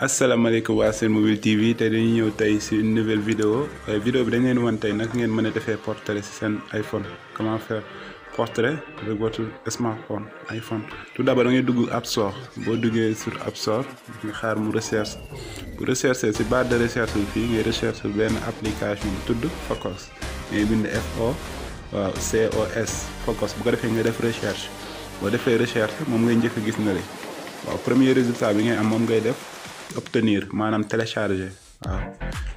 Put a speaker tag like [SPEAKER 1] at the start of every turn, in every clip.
[SPEAKER 1] asalaamaaleykum waa Sen Mobile TV tey dañuy ñëw tey si une nouvelle vidéo euh, vidéo bi dañ leen wan tey nag ngeen mën a defee portrait si seen iPhone comment faire portrait avec votre smartphone iPhone tout d'abord da ngay dugg ab soor boo duggee sur App Store nga xaar mu recherche bu recherche si barre de recherche bi fii ngay recherche benn application bu tudd Focus ngay bind FO waaw COS Focus bu ko defee nga def recherche boo defee recherche moom ngay njëkk gis na li waaw premier résultat bi ngay am moom ngay def. obtenir maanaam télécharger waaw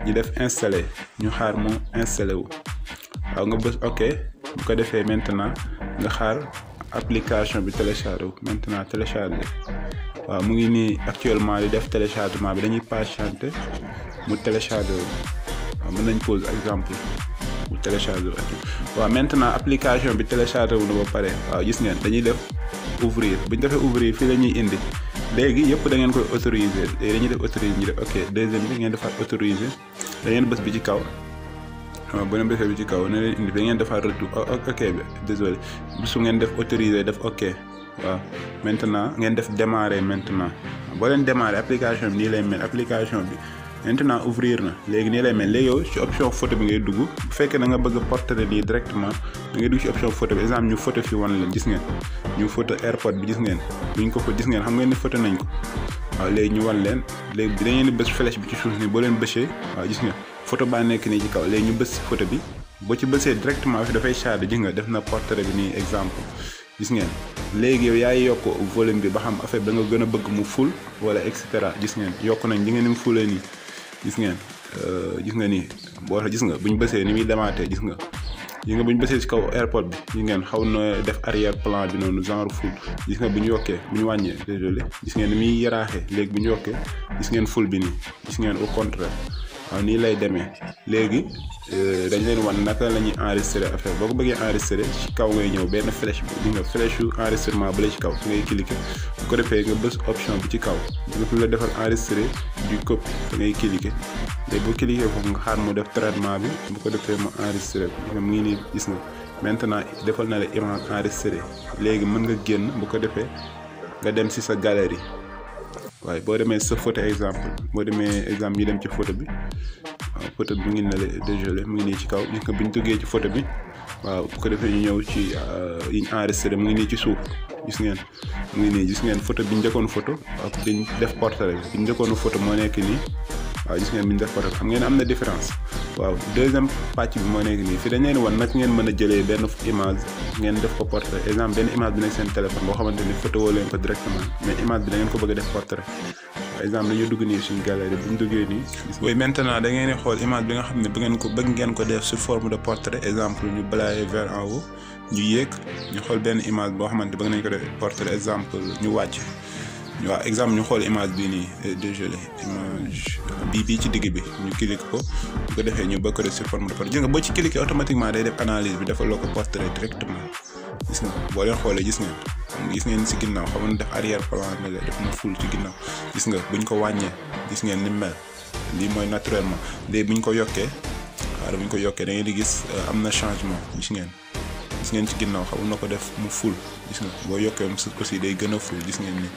[SPEAKER 1] ñu def installer ñu xaar mu installé wu waaw nga bës ok bu ko defee maintenant nga xaar application bi téléchargé wu maintenant télécharger waaw mu ngi nii actuellement di def téléchargement bi dañuy patienté mu téléchargé wu waaw mën nañ pose exemple mu téléchargé waaw maintenant application bi téléchargé wu na ba pare waaw gis ngeen dañuy def ouvrir bu ñu defee ouvrir fii la ñuy indi léegi yëpp da ngeen koy autoriser léegi dañuy def autoriser ñu def ok deuxième bi ngeen defaat autoriser ngeen bës bi ci kaw bu ngeen defee bi ci kaw na leen indi da ngeen defaat retour oh, oh, ok bi désolé su ngeen def autoriser def ok waaw maintenant ngeen def démarrer maintenant boo leen démarrer application bi nii lay mel application bi. maintenant ouvrir na léegi nii lay mel léegi yow ci option photo bi ngay dugg bu fekkee da nga bëgg portrait nii directement da ngay dugg ci option photo bi exemple ñu fi wan leen gis ngeen ñu photo gis ngeen buñ ko fa gis ngeen xam ngeen ne photo nañ ko waaw léegi ñu wan leen léegi da ngeen di bës flèche ci suuf nii boo leen bësee waaw gis ngeen photo baa nekk nii ci kaw léegi ñu bës si photo bi boo ci bësee directement dafay chargé ji nga def na portrait bi nii exemple gis ngeen léegi yow yaay yokk volume bi ba xam affaire bi nga gën a bëgg mu ful wala et cetera gis ngeen yokk nañ li ngeen mu fulee nii gis ngeen gis nga euh, nii boo gis nga buñ bësee ni muy demaatee gis nga gis nga buñ bësee ci kaw airport bi gis ngeen xaw na def arrière plan bi noonu genre ful gis nga bu ñu yokkee bu ñu wàññee désolé gis ngeen ni muy yaraaxee léegi bu ñu yokkee gis ngeen ful bi nii gis ngeen au contraire nii lay demee léegi euh, dañ leen wan naka la ñuy enregistré boo ko bëggee enregistré ci kaw ngay ñëw benn flèche bi di nga flèche yu enregistrement ba la ci kaw ngay cliqué bu ko defee nga bës option bi ci kaw di nga fi la defal enregistré du copie fa ngay cliqué bu cliqué foofu nga xaar mu def traitement bi bu ko defee mu enregistré ko mu ngi nii gis na maintenant defal na la image enregistré léegi mën nga génn bu ko defee nga dem si sa galerie waaye boo demee sa photo exemple boo demee exemple ñi dem ci photo bi waaw photo bi mu ngi ne la dégelé mu ngi nii ci kaw nekk bi ñu duggee ci photo bi waaw bu ko defee ñu ñëw ci yi euh, ñu enregistré mu ngi nii ci suuf gis ngeen mu ngi nii gis ngeen photo bi ñu njëkkoon photo ak bi def portrait bi ñu njëkkoon photo moo nekk nii waaw gis ngeen bi ñu def portrait xam ngeen am na différence waaw deuxième pàcc bi moo nekk nii fi dañ leen wan nag ngeen mën a jëlee benn image ngeen def ko portrait exemple benn image bi nekk boo xamante ni photo leen ko directement mais image bi da ngeen ko bëgg a def portrait exemple dañu dugg nii suñu galerie bu duggee nii. oui maintenant da ngeen di xool image bi nga xam ne bu ngeen ko bëgg ngeen ko def sous forme de portrait exemple ñu balaye vers en haut ñu yéeg ñu xool benn image boo xamante bëgg nañ ko def portrait exemple ñu wàcc. waaw exemple ñu xool image bii nii euh, dégelé image bii bii ci digg bi ñu cliquer ko bu ko defee ñu bëgg ko def sur forme de portrait gis nga boo ci cliquer automatiquement day def analyse bi dafa loo ko portrait gis nga boo leen xoolee gis ngeen gis ngeen si ginnaaw xam nga def arrière plan ne la na ci ginnaaw gis nga buñ ko wàññee gis ngeen ni mel lii mooy naturellement léegi buñ ko yokkee xaaral buñ ko yokkee da ngeen di gis euh, am na changement gis ngeen gis ngeen ci ginnaaw xamul na ko def mu ful gis nga boo yokkee si day gën a ful gis ngeen ni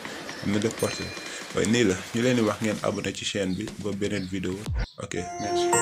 [SPEAKER 1] na dëkk partout waaye nii la ñu leen di wax ngeen abonné ci chaîne bi ba beneen vidéo ok merci